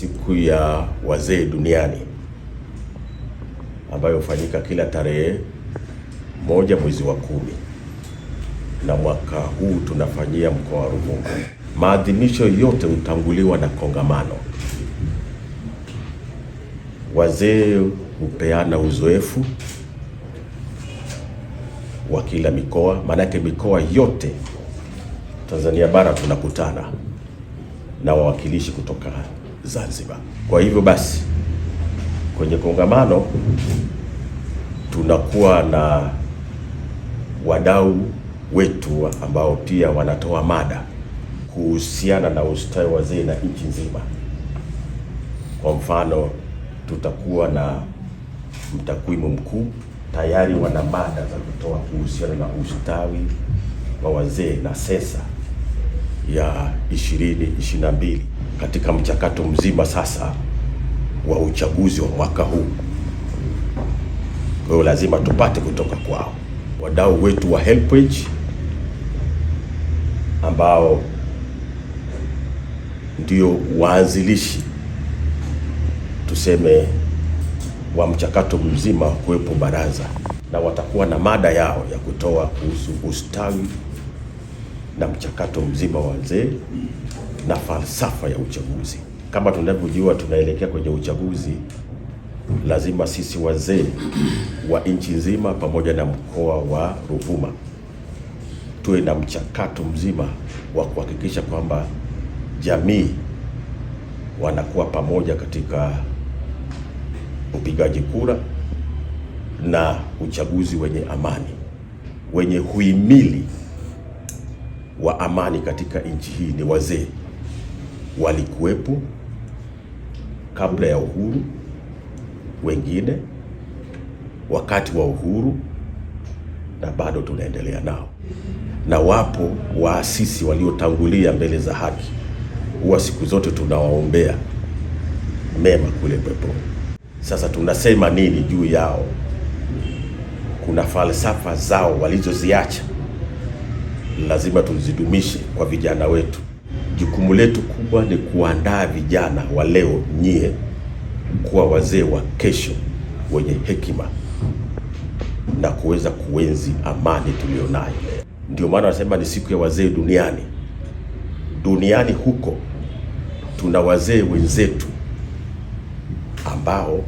siku ya wazee duniani ambayo hufanyika kila tarehe moja mwezi wa kumi, na mwaka huu tunafanyia mkoa wa Ruvuma. Maadhimisho yote hutanguliwa na kongamano. Wazee hupeana uzoefu wa kila mikoa, maanake mikoa yote Tanzania bara tunakutana na wawakilishi kutoka Zanzibar. Kwa hivyo basi kwenye kongamano tunakuwa na wadau wetu ambao pia wanatoa mada kuhusiana na ustawi wa wazee na nchi nzima. Kwa mfano, tutakuwa na mtakwimu mkuu tayari wana mada za kutoa kuhusiana na ustawi wa wazee na sensa ya 2022 katika mchakato mzima sasa wa uchaguzi wa mwaka huu. Kwa hiyo lazima tupate kutoka kwao wadau wetu wa HelpAge ambao ndio waanzilishi tuseme wa mchakato mzima kuwepo baraza, na watakuwa na mada yao ya kutoa kuhusu ustawi na mchakato mzima wa wazee na falsafa ya uchaguzi. Kama tunavyojua, tunaelekea kwenye uchaguzi, lazima sisi wazee wa nchi nzima pamoja na mkoa wa Ruvuma tuwe na mchakato mzima wa kuhakikisha kwamba jamii wanakuwa pamoja katika upigaji kura na uchaguzi wenye amani wenye huimili wa amani katika nchi hii ni wazee, walikuwepo kabla ya uhuru, wengine wakati wa uhuru, na bado tunaendelea nao, na wapo waasisi waliotangulia mbele za haki. Huwa siku zote tunawaombea mema kule peponi. Sasa tunasema nini juu yao? Kuna falsafa zao walizoziacha lazima tuzidumishe kwa vijana wetu. Jukumu letu kubwa ni kuandaa vijana wa leo nyie kuwa wazee wa kesho wenye hekima na kuweza kuenzi amani tuliyonayo. Ndio maana wanasema ni siku ya wazee duniani. Duniani huko tuna wazee wenzetu ambao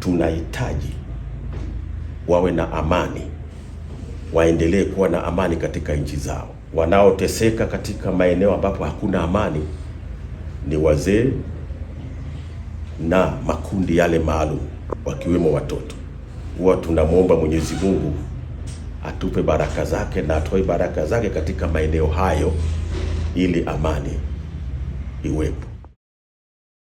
tunahitaji wawe na amani waendelee kuwa na amani katika nchi zao. Wanaoteseka katika maeneo ambapo hakuna amani ni wazee na makundi yale maalum wakiwemo watoto. Huwa tunamwomba Mwenyezi Mungu atupe baraka zake na atoe baraka zake katika maeneo hayo ili amani iwepo.